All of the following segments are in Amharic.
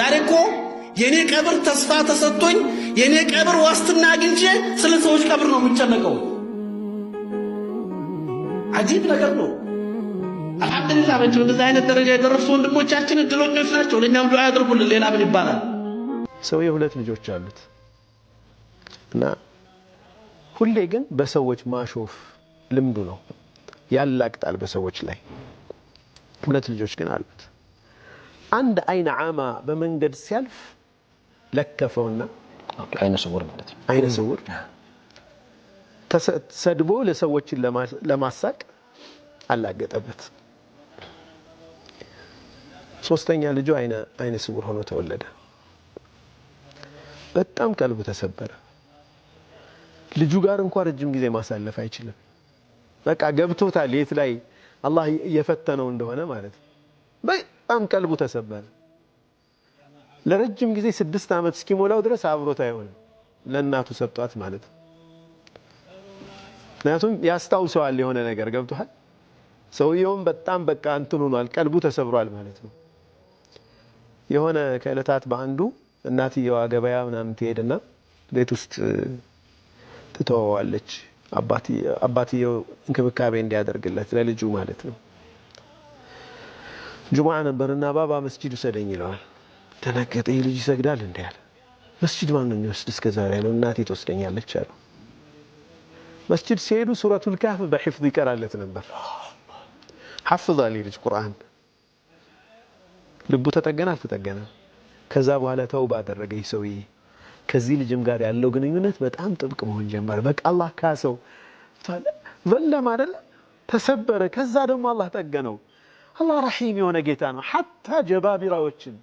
ዛሬ እኮ የእኔ ቀብር ተስፋ ተሰጥቶኝ የእኔ ቀብር ዋስትና አግኝቼ ስለ ሰዎች ቀብር ነው የምንጨነቀው። አጂብ ነገር ነው። አልሐምዱሊላህ መቼም እንደዚህ አይነት ደረጃ የደረሱ ወንድሞቻችን እድለኞች ናቸው። ለእኛም ዱዓ ያድርጉልን። ሌላ ምን ይባላል? ሰውዬ ሁለት ልጆች አሉት እና ሁሌ ግን በሰዎች ማሾፍ ልምዱ ነው፣ ያላቅጣል በሰዎች ላይ። ሁለት ልጆች ግን አሉት አንድ አይነ አማ በመንገድ ሲያልፍ ለከፈውና አይነ ስውር ማለት ነው። አይነ ስውር ተሰድቦ ለሰዎችን ለማሳቅ አላገጠበት። ሶስተኛ ልጁ አይነ ስውር ሆኖ ተወለደ። በጣም ቀልቡ ተሰበረ። ልጁ ጋር እንኳ ረጅም ጊዜ ማሳለፍ አይችልም። በቃ ገብቶታል የት ላይ አላህ የፈተነው እንደሆነ ማለት ነው። በጣም ቀልቡ ተሰበረ። ለረጅም ጊዜ ስድስት ዓመት እስኪሞላው ድረስ አብሮት አይሆንም። ለእናቱ ሰጧት ማለት ነው። ምክንያቱም ያስታውሰዋል የሆነ ነገር ገብቷል። ሰውየውም በጣም በቃ እንትን ሆኗል፣ ቀልቡ ተሰብሯል ማለት ነው። የሆነ ከእለታት በአንዱ እናትየዋ ገበያ ምናምን ትሄድና ቤት ውስጥ ትተወዋለች፣ አባትየው እንክብካቤ እንዲያደርግለት ለልጁ ማለት ነው። ጁሙዓ ነበርና ባባ መስጂድ ውሰደኝ ይለዋል። ተነገጠ። ይህ ልጅ ይሰግዳል እንዲ ያለ መስጂድ ማን ነው የሚወስድ እስከ ዛሬ ያለው እናቴ ትወስደኛለች አለ። መስጂድ ሲሄዱ ሱረቱል ካፍ በሒፍዝ ይቀራለት ነበር። ሐፍዛ ልጅ ቁርአን ልቡ ተጠገነ አልተጠገነ። ከዛ በኋላ ተውባ አደረገ። ይህ ሰውዬ ከዚህ ልጅም ጋር ያለው ግንኙነት በጣም ጥብቅ መሆን ጀመረ። በቃ አላህ ካሰው፣ በለም አይደለም ተሰበረ። ከዛ ደግሞ አላህ ጠገነው። አላህ ረሂም የሆነ ጌታ ነው። ሐታ ጀባቢራዎችን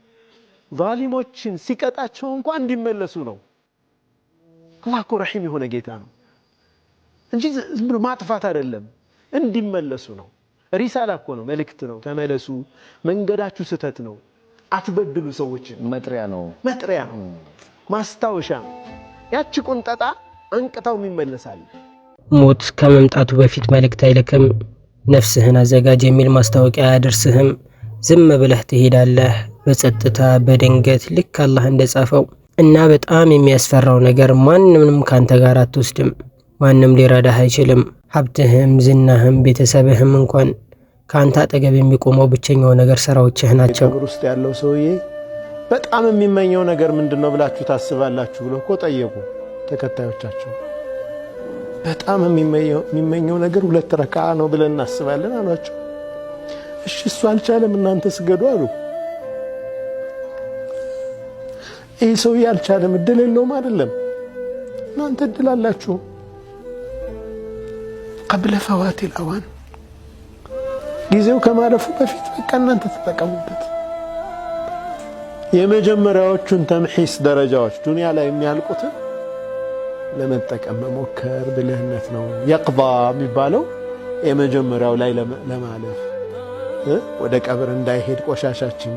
ዛሊሞችን ሲቀጣቸው እንኳን እንዲመለሱ ነው። አላህ እኮ ረሂም የሆነ ጌታ ነው እንጂ ዝም ብሎ ማጥፋት አይደለም፣ እንዲመለሱ ነው። ሪሳላ እኮ ነው፣ መልእክት ነው። ተመለሱ፣ መንገዳችሁ ስህተት ነው፣ አትበድሉ ሰዎችን። መጥሪያ ነው፣ መጥሪያ ነው፣ ማስታወሻ ያቺ ቁንጠጣ አንቅታው ይመለሳል። ሞት ከመምጣቱ በፊት መልእክት አይልክም። ነፍስህን አዘጋጅ የሚል ማስታወቂያ አያደርስህም። ዝም ብለህ ትሄዳለህ በጸጥታ በድንገት ልክ አላህ እንደጻፈው እና በጣም የሚያስፈራው ነገር ማንምንም ካንተ ጋር አትወስድም። ማንም ሊረዳህ አይችልም። ሀብትህም፣ ዝናህም፣ ቤተሰብህም እንኳን ከአንተ አጠገብ የሚቆመው ብቸኛው ነገር ስራዎችህ ናቸው። ሀገር ውስጥ ያለው ሰውዬ በጣም የሚመኘው ነገር ምንድን ነው ብላችሁ ታስባላችሁ ብሎ እኮ ጠየቁ ተከታዮቻቸው። በጣም የሚመኘው ነገር ሁለት ረካ ነው ብለን እናስባለን አሏቸው። እሺ እሱ አልቻለም፣ እናንተ ስገዱ አሉ። ይህ ሰውዬ አልቻለም፣ እድል የለውም አይደለም። እናንተ እድል አላችሁ። ቀብለ ፈዋት ልአዋን ጊዜው ከማለፉ በፊት በቃ እናንተ ተጠቀሙበት። የመጀመሪያዎቹን ተምሒስ ደረጃዎች ዱንያ ላይ የሚያልቁትን ለመጠቀም መሞከር ብልህነት ነው። የቅባ የሚባለው የመጀመሪያው ላይ ለማለፍ ወደ ቀብር እንዳይሄድ ቆሻሻችን፣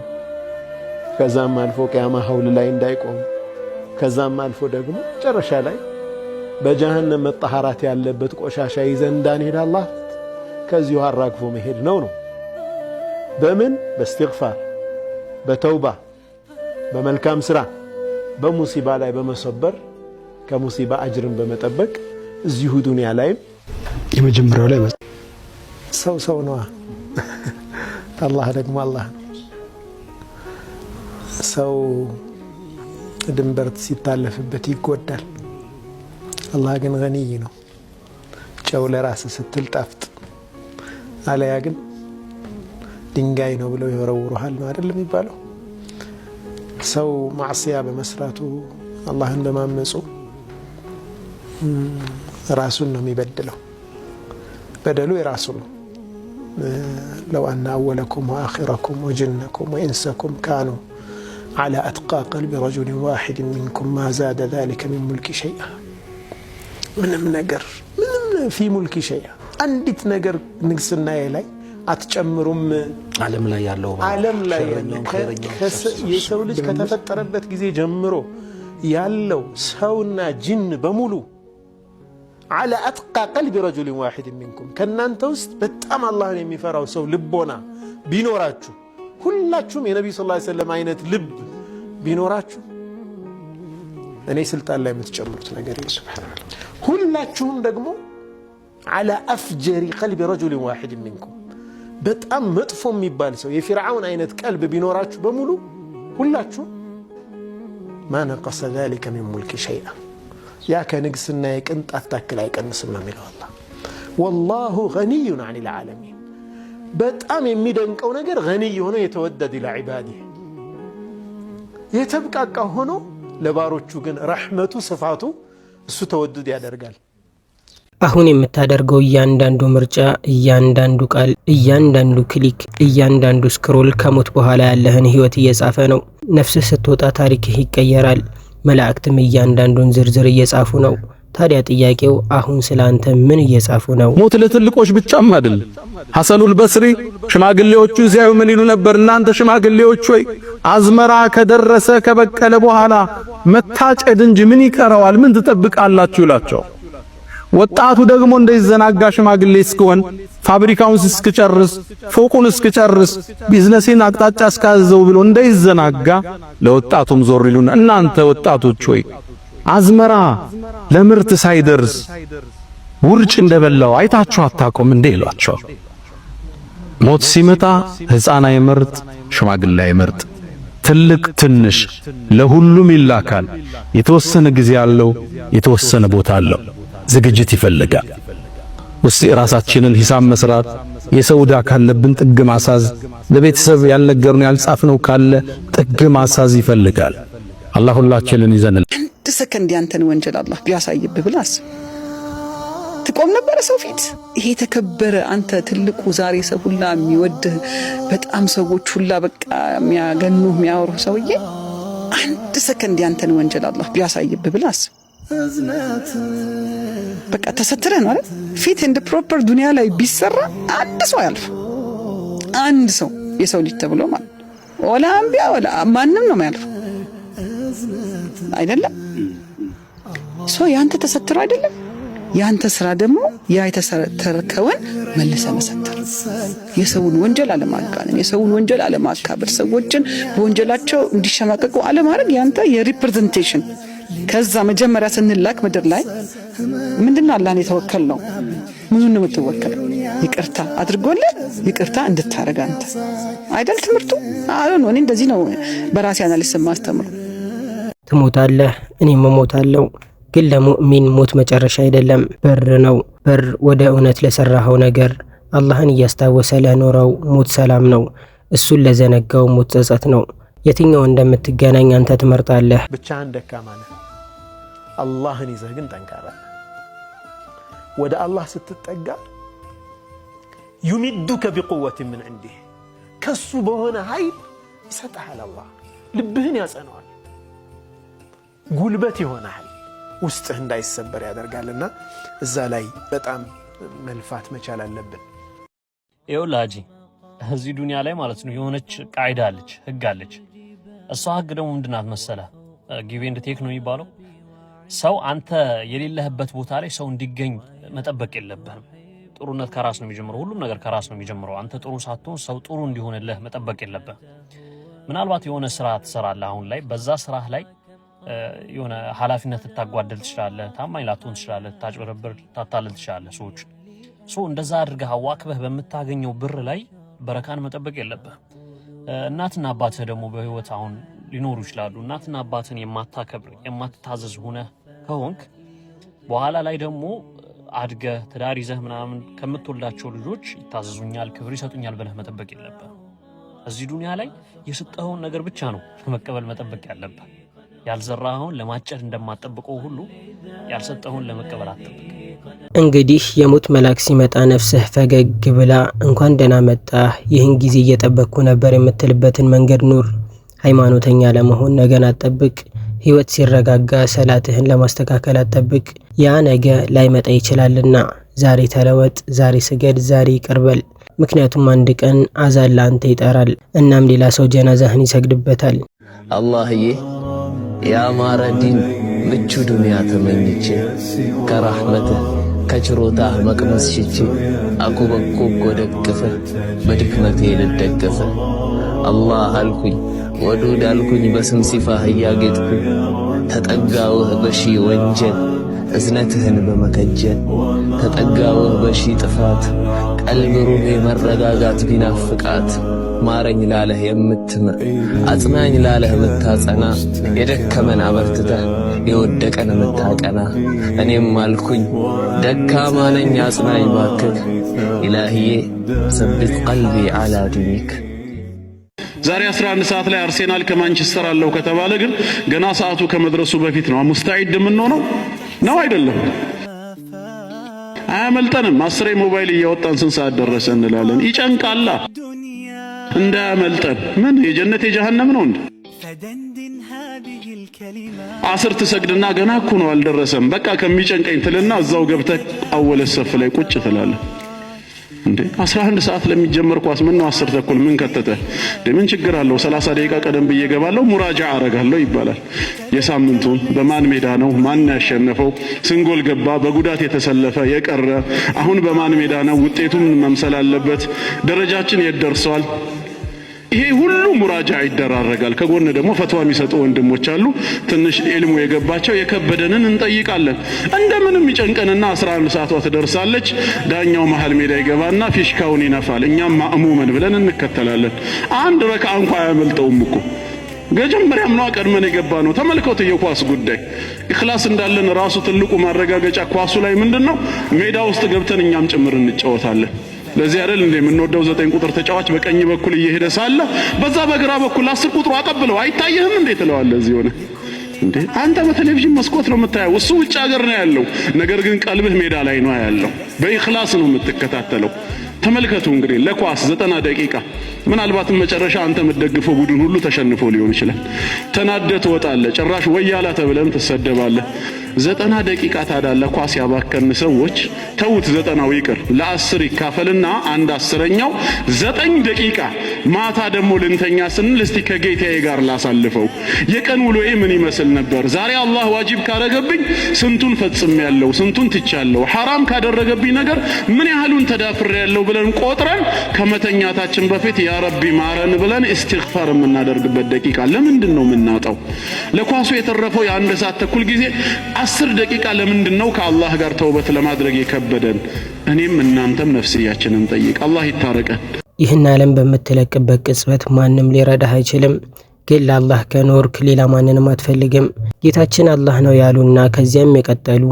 ከዛም አልፎ ቅያማ ሀውል ላይ እንዳይቆም፣ ከዛም አልፎ ደግሞ መጨረሻ ላይ በጀሃነም መጣሃራት ያለበት ቆሻሻ ይዘን እንዳንሄድ አላህ ከዚሁ አራግፎ መሄድ ነው ነው በምን በእስትግፋር በተውባ በመልካም ስራ በሙሲባ ላይ በመሰበር ከሙሲባ አጅርን በመጠበቅ እዚሁ ዱንያ ላይም የመጀመሪያው ላይ ሰው ሰው ነዋ። አላህ ደግሞ አላህ ሰው ድንበር ሲታለፍበት ይጎዳል። አላህ ግን ገኒይ ነው። ጨው ለራስ ስትል ጣፍጥ፣ አለያ ግን ድንጋይ ነው ብለው ይወረውሩሃል ነው አይደል የሚባለው። ሰው ማዕስያ በመስራቱ አላህን በማመፁ ራሱን ነው የሚበድለው። በደሉ የራሱ ነው። ለው አነ አወለኩም ወአኺረኩም ወጅነኩም ወኢንሰኩም ካኑ ዓላ አትቃ ቀልቢ ረጁሊን ዋሒድን ሚንኩም ማ ዛደ ዛሊከ ሚን ሙልኪ ሸይአ ምንም ነገር ምንም ፊ ሙልኪ ሸይአ አንዲት ነገር ንግስናዬ ላይ አትጨምሩም። ዓለም ላይ ያለው ዓለም ላይ የሰው ልጅ ከተፈጠረበት ጊዜ ጀምሮ ያለው ሰውና ጅን በሙሉ ዓላ አትቃ ቀልቢ ረጁሊን ዋሂድ ሚንኩም ከእናንተ ውስጥ በጣም አላህን የሚፈራው ሰው ልቦና ቢኖራችሁ ሁላችሁም የነቢዩ ስ ሰለም አይነት ልብ ቢኖራችሁ እኔ ስልጣን ላይ የምትጨምሩት ነገር ሁላችሁም ደግሞ ዓላ አፍጀሪ ቀልቢ ረጁሊን ዋሒድን ሚንኩም በጣም መጥፎ የሚባል ሰው የፊርዓውን አይነት ቀልብ ቢኖራችሁ በሙሉ ሁላችሁ ማ ነቀሰ ዛሊከ ሚን ሙልኪ ሸይአ ያ ከንግስና የቅንጣት ታክል አይቀንስም ነው የሚለው አላህ። ወላሁ ገኒዩን አኒል ዓለሚን። በጣም የሚደንቀው ነገር ገኒይ ሆኖ የተወደድ ኢላ የተብቃቃ ሆኖ ለባሮቹ ግን ረሕመቱ ስፋቱ እሱ ተወድድ ያደርጋል። አሁን የምታደርገው እያንዳንዱ ምርጫ፣ እያንዳንዱ ቃል፣ እያንዳንዱ ክሊክ፣ እያንዳንዱ ስክሮል ከሞት በኋላ ያለህን ህይወት እየጻፈ ነው። ነፍስህ ስትወጣ ታሪክህ ይቀየራል። መላእክትም እያንዳንዱን ዝርዝር እየጻፉ ነው። ታዲያ ጥያቄው አሁን ስለ አንተ ምን እየጻፉ ነው? ሞት ለትልቆች ብቻም አይደል። ሐሰኑል በስሪ ሽማግሌዎቹ እዚያው ምን ይሉ ነበር? እናንተ ሽማግሌዎች ሆይ አዝመራ ከደረሰ ከበቀለ በኋላ መታጨድ እንጂ ምን ይቀረዋል? ምን ትጠብቃላችሁ? ይላቸው ወጣቱ ደግሞ እንዳይዘናጋ ሽማግሌ እስክሆን ፋብሪካውን እስክጨርስ ፎቁን እስክጨርስ ቢዝነሴን አቅጣጫ እስካዘው ብሎ እንዳይዘናጋ ለወጣቱም ዞር ይሉና እናንተ ወጣቶች ሆይ አዝመራ ለምርት ሳይደርስ ውርጭ እንደበላው አይታችሁ አታቆም እንዴ ይሏቸዋል። ሞት ሲመጣ ሕፃን አይመርጥ፣ ሽማግሌ አይመርጥ፣ ትልቅ ትንሽ ለሁሉም ይላካል። የተወሰነ ጊዜ አለው፣ የተወሰነ ቦታ አለው። ዝግጅት ይፈልጋል። ውስጥ ራሳችንን ሂሳብ መስራት፣ የሰው ዕዳ ካለብን ጥግ ማሳዝ፣ ለቤተሰብ ያልነገርነው ያልጻፍነው ካለ ጥግ ማሳዝ ይፈልጋል። አላህ ሁላችንን ይዘንል። አንድ ሰከንድ ያንተን ወንጀል አላህ ቢያሳይብህ ብላስ ትቆም ነበረ ሰው ፊት። ይሄ የተከበረ አንተ ትልቁ ዛሬ ሰው ሁላ የሚወድህ በጣም ሰዎች ሁላ በቃ የሚያገኑህ የሚያወሩህ ሰውዬ አንድ ሰከንድ ያንተን ወንጀል አላህ ቢያሳይብህ ብላስ በቃ ተሰትረ ነው ፊት እንደ ፕሮፐር ዱንያ ላይ ቢሰራ አንድ ሰው አያልፍ። አንድ ሰው የሰው ልጅ ተብሎ ማለት ወላ አንቢያ ወላ ማንም ነው የሚያልፍ አይደለም። ሶ ያንተ ተሰትሮ አይደለም ያንተ ስራ ደግሞ ያ የተሰተርከውን መልሰ መሰተር፣ የሰውን ወንጀል አለማጋነን፣ የሰውን ወንጀል አለማካበድ፣ ሰዎችን በወንጀላቸው እንዲሸማቀቁ አለማድረግ ያንተ የሪፕሬዘንቴሽን ከዛ መጀመሪያ ስንላክ ምድር ላይ ምንድነው አላህን የተወከል ነው። ምኑ ነው የምትወከል? ይቅርታ አድርጎልህ ይቅርታ እንድታረግ አንተ አይደል ትምህርቱ አሁን ነው። እኔ እንደዚህ ነው በራሴ አናሊስ ማስተምሩ። ትሞታለህ፣ እኔም እሞታለሁ። ግን ለሙእሚን ሞት መጨረሻ አይደለም፣ በር ነው። በር ወደ እውነት ለሰራኸው ነገር አላህን እያስታወሰ ለኖረው ሞት ሰላም ነው። እሱን ለዘነጋው ሞት ጸጸት ነው። የትኛው እንደምትገናኝ አንተ ትመርጣለህ። ብቻህን ደካማ ነህ፣ አላህን ይዘህ ግን ጠንካራ ነህ። ወደ አላህ ስትጠጋ ዩሚዱከ ቢቁወት ምን እንዲህ ከሱ በሆነ ኃይል ይሰጠሃል። አላህ ልብህን ያጸነዋል፣ ጉልበት ይሆናል፣ ውስጥህ እንዳይሰበር ያደርጋልና እዛ ላይ በጣም መልፋት መቻል አለብን። ይኸውልህ ሀጂ እዚህ ዱኒያ ላይ ማለት ነው የሆነች ቃይዳ አለች፣ ህግ አለች። እሷ ህግ ደግሞ ምንድናት መሰለ ጊቭ ኤንድ ቴክ ነው የሚባለው። ሰው አንተ የሌለህበት ቦታ ላይ ሰው እንዲገኝ መጠበቅ የለብህም። ጥሩነት ከራስ ነው የሚጀምረው። ሁሉም ነገር ከራስ ነው የሚጀምረው። አንተ ጥሩ ሳትሆን ሰው ጥሩ እንዲሆንልህ መጠበቅ የለብህም። ምናልባት የሆነ ስራ ትሰራለህ አሁን ላይ በዛ ስራህ ላይ የሆነ ኃላፊነት ልታጓደል ትችላለህ። ታማኝ ላትሆን ትችላለህ። ታጭበረብር፣ ታታለል ትችላለህ ሰዎች እንደዛ አድርገህ አዋክበህ በምታገኘው ብር ላይ በረካን መጠበቅ የለብህ። እናትና አባትህ ደግሞ በህይወት አሁን ሊኖሩ ይችላሉ። እናትና አባትን የማታከብር የማትታዘዝ ሆነ ከሆንክ በኋላ ላይ ደግሞ አድገህ ትዳር ይዘህ ምናምን ከምትወልዳቸው ልጆች ይታዘዙኛል፣ ክብር ይሰጡኛል ብለህ መጠበቅ የለብህ። እዚህ ዱኒያ ላይ የሰጠኸውን ነገር ብቻ ነው ለመቀበል መጠበቅ ያለብህ። ያልዘራኸውን ለማጨድ እንደማጠብቀው ሁሉ ያልሰጠኸውን ለመቀበል አትጠብቅ። እንግዲህ የሙት መልአክ ሲመጣ ነፍስህ ፈገግ ብላ እንኳን ደህና መጣህ ይህን ጊዜ እየጠበቅኩ ነበር የምትልበትን መንገድ ኑር። ሃይማኖተኛ ለመሆን ነገን አጠብቅ ህይወት ሲረጋጋ ሰላትህን ለማስተካከል አጠብቅ ያ ነገ ላይመጣ ይችላልና ዛሬ ተለወጥ፣ ዛሬ ስገድ፣ ዛሬ ይቅርበል። ምክንያቱም አንድ ቀን አዛን ለአንተ ይጠራል። እናም ሌላ ሰው ጀናዛህን ይሰግድበታል። አላህዬ የአማረ ዲን ምቹ ዱንያ ተመኝቼ ከራህመትህ ከችሮታ መቅመስ ሽቼ አኮበኮብ ጎደቅፈ በድክመቴ ልደገፈ አላህ አልኩኝ ወዱድ አልኩኝ በስም ሲፋህ እያጌጥኩኝ ተጠጋውህ በሺ ወንጀል እዝነትህን በመከጀል ተጠጋውህ በሺ ጥፋት ቀልብ ሩሜ መረጋጋት ቢናፍቃት ማረኝ ላለህ የምትምር አጽናኝ ላለህ የምታጸና የደከመን አበርትተህ የወደቀን የምታቀና እኔም አልኩኝ ደካማ ነኝ አጽናኝ ባክህ ኢላህዬ ሰብት ቀልቢ አላ ዲኒክ። ዛሬ 11 ሰዓት ላይ አርሴናል ከማንቸስተር አለው ከተባለ ግን ገና ሰዓቱ ከመድረሱ በፊት ነው ሙስታዒድ የምንሆነው ነው አይደለም? አያመልጠንም። አስሬ ሞባይል እያወጣን ስንት ሰዓት ደረሰ እንላለን። ይጨንቃላ። እንዳያመልጠን። ምን የጀነት የጀሃነም ነው እንዴ? አስር ትሰግድና ገና እኮ ነው አልደረሰም፣ በቃ ከሚጨንቀኝ ትልና እዛው ገብተህ አወለ ሰፍ ላይ ቁጭ ትላለህ። እንዴ 11 ሰዓት ለሚጀመር ኳስ ምን ነው አስር ተኩል ምን ከተተ? ምን ችግር አለው? 30 ደቂቃ ቀደም ብዬ ሙራጃ አረጋለሁ ይባላል። የሳምንቱን በማን ሜዳ ነው ማን ያሸነፈው፣ ስንጎል ገባ፣ በጉዳት የተሰለፈ የቀረ፣ አሁን በማን ሜዳ ነው፣ ውጤቱም መምሰል አለበት፣ ደረጃችን የት ደርሷል ይሄ ሁሉ ሙራጃ ይደራረጋል። ከጎን ደግሞ ፈትዋ የሚሰጡ ወንድሞች አሉ። ትንሽ ኤልሙ የገባቸው የከበደንን እንጠይቃለን። እንደምንም ይጨንቀንና 11 ሰዓቷ ትደርሳለች። ዳኛው መሀል ሜዳ ይገባና ፊሽካውን ይነፋል። እኛም ማእሙመን ብለን እንከተላለን። አንድ ረካ እንኳ አያመልጠውም እኮ መጀመሪያም ነው ቀድመን የገባ ነው። ተመልከቱ የኳስ ጉዳይ ኢኽላስ እንዳለን ራሱ ትልቁ ማረጋገጫ ኳሱ ላይ ምንድነው ሜዳ ውስጥ ገብተን እኛም ጭምር እንጫወታለን። ለዚህ አይደል እንዴ የምንወደው ዘጠኝ ቁጥር ተጫዋች በቀኝ በኩል እየሄደ ሳለ በዛ በግራ በኩል አስር ቁጥሩ አቀብለው አይታየህም እንዴ ትለዋለህ። እዚህ ሆነ እንዴ አንተ በቴሌቪዥን መስኮት ነው የምታየው፣ እሱ ውጭ ሀገር ነው ያለው። ነገር ግን ቀልብህ ሜዳ ላይ ነው ያለው። በኢኽላስ ነው የምትከታተለው። ተመልከቱ እንግዲህ ለኳስ ዘጠና ደቂቃ ምናልባትም መጨረሻ አንተ የምትደግፈው ቡድን ሁሉ ተሸንፎ ሊሆን ይችላል። ተናደ ትወጣለህ። ጭራሽ ወያላ ተብለም ትሰደባለህ። ዘጠና ደቂቃ ታዲያ ለኳስ ያባከን ሰዎች ተውት፣ ዘጠናው ይቅር፣ ለአስር ይካፈልና አንድ አስረኛው ዘጠኝ ደቂቃ ማታ ደግሞ ልንተኛ ስንል እስቲ ከጌታዬ ጋር ላሳልፈው፣ የቀን ውሎዬ ምን ይመስል ነበር፣ ዛሬ አላህ ዋጅብ ካረገብኝ ስንቱን ያለው ስንቱን ትቻለሁ፣ ሐራም ካደረገብኝ ነገር ምን ያህሉን ያለው ብለን ቆጥረን ከመተኛታችን በፊት ያ ረቢ ማረን ብለን ኢስቲግፋር የምናደርግበት ደቂቃ ለምንድን ነው የምናጣው? ለኳሱ የተረፈው የአንድ ሰዓት ተኩል ጊዜ አስር ደቂቃ ለምንድን ነው ከአላህ ጋር ተውበት ለማድረግ የከበደን? እኔም እናንተም ነፍስያችንን ጠይቅ። አላህ ይታረቀን። ይህን ዓለም በምትለቅበት ቅጽበት ማንም ሊረዳህ አይችልም። ግን ለአላህ ከኖርክ ሌላ ማንንም አትፈልግም። ጌታችን አላህ ነው ያሉና ከዚያም የቀጠሉ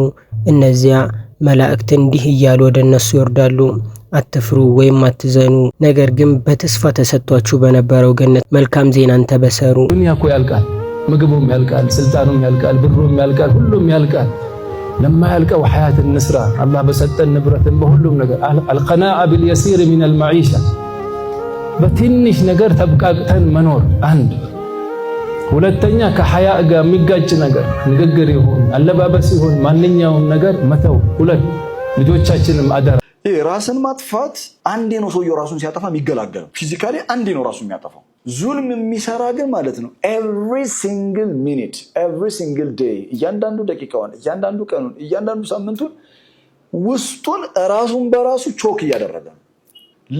እነዚያ መላእክት እንዲህ እያሉ ወደ እነሱ ይወርዳሉ። አትፍሩ ወይም አትዘኑ፣ ነገር ግን በተስፋ ተሰጥቷችሁ በነበረው ገነት መልካም ዜናን ተበሰሩ። ዱንያ እኮ ያልቃል ምግቡም ያልቃል፣ ስልጣኑም ያልቃል፣ ብሩም ያልቃል፣ ሁሉም ያልቃል። ለማያልቀው ሐያት እንስራ። አላህ በሰጠን ንብረትም በሁሉም ነገር አልቀናዓ ቢልየሲር ሚነል መዒሻ በትንሽ ነገር ተብቃቅተን መኖር አንድ። ሁለተኛ ከሀያ ጋር የሚጋጭ ነገር ንግግር ይሁን አለባበስ ይሁን ማንኛውም ነገር መተው። ሁለት ልጆቻችንም አደራ። ይህ ራስን ማጥፋት አንዴ ነው። ሰውየው ራሱን ሲያጠፋ የሚገላገለው ፊዚካሊ አንዴ ነው ራሱ የሚያጠፋው ዙልም የሚሰራ ግን ማለት ነው ኤቭሪ ሲንግል ሚኒት ኤቭሪ ሲንግል ዴይ እያንዳንዱ ደቂቃዋን እያንዳንዱ ቀኑን እያንዳንዱ ሳምንቱን ውስጡን ራሱን በራሱ ቾክ እያደረገ ነው።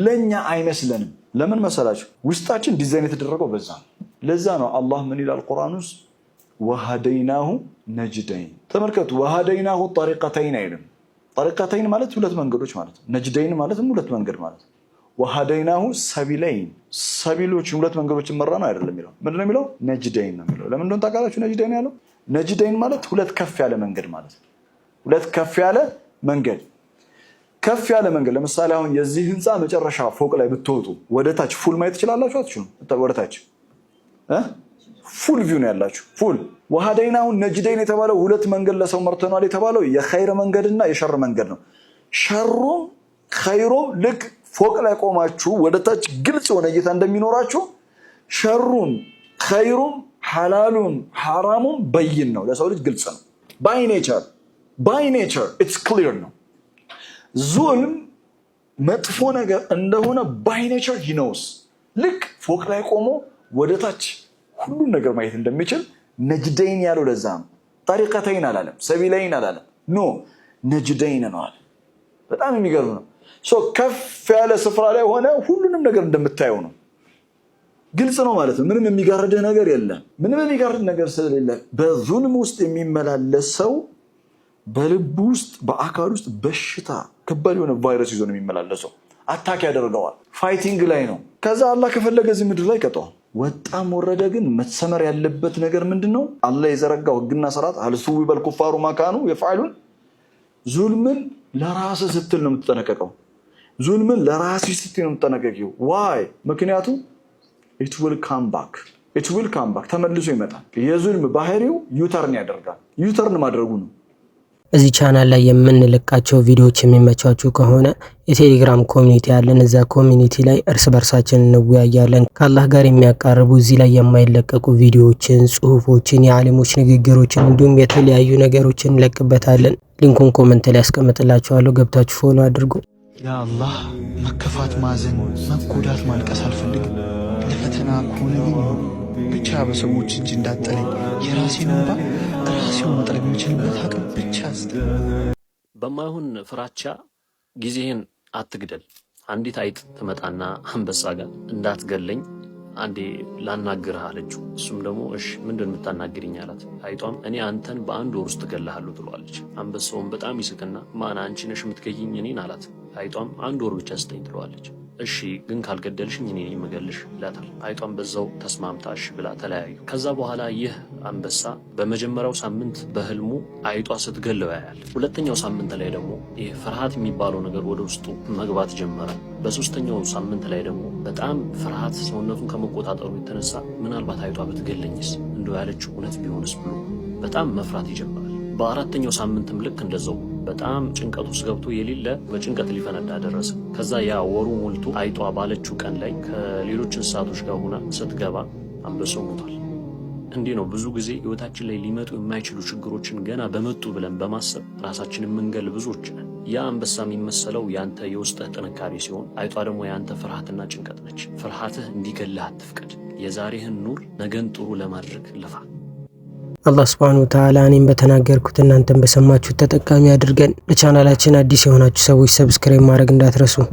ለእኛ አይመስለንም። ለምን መሰላችሁ? ውስጣችን ዲዛይን የተደረገው በዛ ነው። ለዛ ነው አላህ ምን ይላል ቁርአን ውስጥ ወሃደይናሁ ነጅደይን። ተመልከቱ፣ ወሃደይናሁ ጠሪቀተይን አይልም። ጠሪቀተይን ማለት ሁለት መንገዶች ማለት ነው። ነጅደይን ማለትም ሁለት መንገድ ማለት ነው። ወሃደይናሁ ሰቢለይን ሰቢሎችን ሁለት መንገዶች መራ ነው አይደለም የሚለው ምንድነው የሚለው ነጅደይን ነው የሚለው ለምን እንደሆነ ታውቃላችሁ ነጅደይን ያለው ነጅደይን ማለት ሁለት ከፍ ያለ መንገድ ማለት ነው ሁለት ከፍ ያለ መንገድ ከፍ ያለ መንገድ ለምሳሌ አሁን የዚህ ህንፃ መጨረሻ ፎቅ ላይ ብትወጡ ወደ ታች ፉል ማየት ትችላላችሁ አትችሉም ወደ ታች ፉል ቪው ነው ያላችሁ ፉል ወሃደይን አሁን ነጅደይን የተባለው ሁለት መንገድ ለሰው መርተኗል የተባለው የኸይር መንገድና የሸር መንገድ ነው ሸሩም ኸይሮም ልክ ፎቅ ላይ ቆማችሁ ወደ ታች ግልጽ የሆነ እይታ እንደሚኖራችሁ ሸሩን ኸይሩም ሐላሉን ሐራሙን በይን ነው። ለሰው ልጅ ግልጽ ነው። ባይ ኔቸር ባይ ኔቸር ኢትስ ክሊር ነው። ዙልም መጥፎ ነገር እንደሆነ ባይ ኔቸር ይነውስ ልክ ፎቅ ላይ ቆሞ ወደ ታች ሁሉን ነገር ማየት እንደሚችል ነጅደይን ያለው ለዛ ነው። ጣሪቀተይን አላለም፣ ሰቢለይን አላለም። ኖ ነጅደይን ነዋል። በጣም የሚገርም ነው። ከፍ ያለ ስፍራ ላይ ሆነ ሁሉንም ነገር እንደምታየው ነው። ግልጽ ነው ማለት ነው። ምንም የሚጋርድህ ነገር የለም። ምንም የሚጋርድ ነገር ስለሌለ በዙልም ውስጥ የሚመላለስ ሰው በልብ ውስጥ በአካል ውስጥ በሽታ ከባድ የሆነ ቫይረስ ይዞ ነው የሚመላለሰው። አታክ ያደርገዋል። ፋይቲንግ ላይ ነው። ከዛ አላህ ከፈለገ እዚህ ምድር ላይ ቀጠዋል። ወጣም ወረደ ግን መሰመር ያለበት ነገር ምንድን ነው? አላህ የዘረጋው ህግና ስርዓት አልሱዊ በልኩፋሩ ማካኑ የፋሉን ዙልምን ለራስ ስትል ነው የምትጠነቀቀው። ዙልምን ለራስሽ ስት ነው የምጠነቀቂው። ዋይ ምክንያቱም ኢት ዊል ካም ባክ ኢት ዊል ካም ባክ ተመልሶ ይመጣል። የዙልም ባህሪው ዩተርን ያደርጋል። ዩተርን ማድረጉ ነው። እዚህ ቻናል ላይ የምንለቃቸው ቪዲዮዎች የሚመቻችሁ ከሆነ የቴሌግራም ኮሚኒቲ ያለን፣ እዛ ኮሚኒቲ ላይ እርስ በርሳችን እንወያያለን። ከአላህ ጋር የሚያቃርቡ እዚህ ላይ የማይለቀቁ ቪዲዮዎችን፣ ጽሁፎችን፣ የአሊሞች ንግግሮችን እንዲሁም የተለያዩ ነገሮችን እንለቅበታለን። ሊንኩን ኮመንት ላይ ያስቀምጥላችኋለሁ። ገብታችሁ ፎሎ አድርጉ። ያ አላህ መከፋት፣ ማዘን፣ መጎዳት፣ ማልቀስ አልፈልግም። ለፈተና ከሆነ ግን ብቻ በሰዎች እጅ እንዳጠለኝ የራሴን እንባ ራሴው መጥረግ የሚችልበት አቅም ብቻ ስ በማይሆን ፍራቻ ጊዜህን አትግደል። አንዲት አይጥ ትመጣና አንበሳ ጋር እንዳትገለኝ አንዴ ላናግርህ አለችው። እሱም ደግሞ እሺ ምንድን የምታናግርኝ አላት። አይጧም እኔ አንተን በአንድ ወር ውስጥ እገልሃለሁ ትለዋለች። አንበሳውም በጣም ይስቅና ማን አንቺ ነሽ የምትገይኝ እኔን አላት። አይጧም አንድ ወር ብቻ ስጠኝ ትለዋለች። እሺ ግን ካልገደልሽኝ እኔ የምገልሽ ይላታል። አይጧም በዛው ተስማምታ እሺ ብላ ተለያዩ። ከዛ በኋላ ይህ አንበሳ በመጀመሪያው ሳምንት በህልሙ አይጧ ስትገለው ያያል። ሁለተኛው ሳምንት ላይ ደግሞ ይህ ፍርሃት የሚባለው ነገር ወደ ውስጡ መግባት ጀመረ። በሶስተኛው ሳምንት ላይ ደግሞ በጣም ፍርሃት ሰውነቱን ከመቆጣጠሩ የተነሳ ምናልባት አይጧ ብትገለኝስ እንደው ያለችው እውነት ቢሆንስ ብሎ በጣም መፍራት ይጀምራል። በአራተኛው ሳምንትም ልክ እንደዛው በጣም ጭንቀት ውስጥ ገብቶ የሌለ በጭንቀት ሊፈነዳ ደረሰ። ከዛ ያ ወሩ ሞልቶ አይጧ ባለችው ቀን ላይ ከሌሎች እንስሳቶች ጋር ሆና ስትገባ አንበሳው ሞቷል። እንዲህ ነው ብዙ ጊዜ ህይወታችን ላይ ሊመጡ የማይችሉ ችግሮችን ገና በመጡ ብለን በማሰብ ራሳችን የምንገል ብዙዎች ነን። ያ አንበሳ የሚመሰለው የአንተ የውስጥህ ጥንካሬ ሲሆን፣ አይጧ ደግሞ የአንተ ፍርሃትና ጭንቀት ነች። ፍርሃትህ እንዲገልህ አትፍቀድ። የዛሬህን ኑር፣ ነገን ጥሩ ለማድረግ ልፋ። አላህ ስብሐነሁ ወተዓላ እኔም በተናገርኩት እናንተን በሰማችሁት ተጠቃሚ አድርገን። ለቻናላችን አዲስ የሆናችሁ ሰዎች ሰብስክራይብ ማድረግ እንዳትረሱ።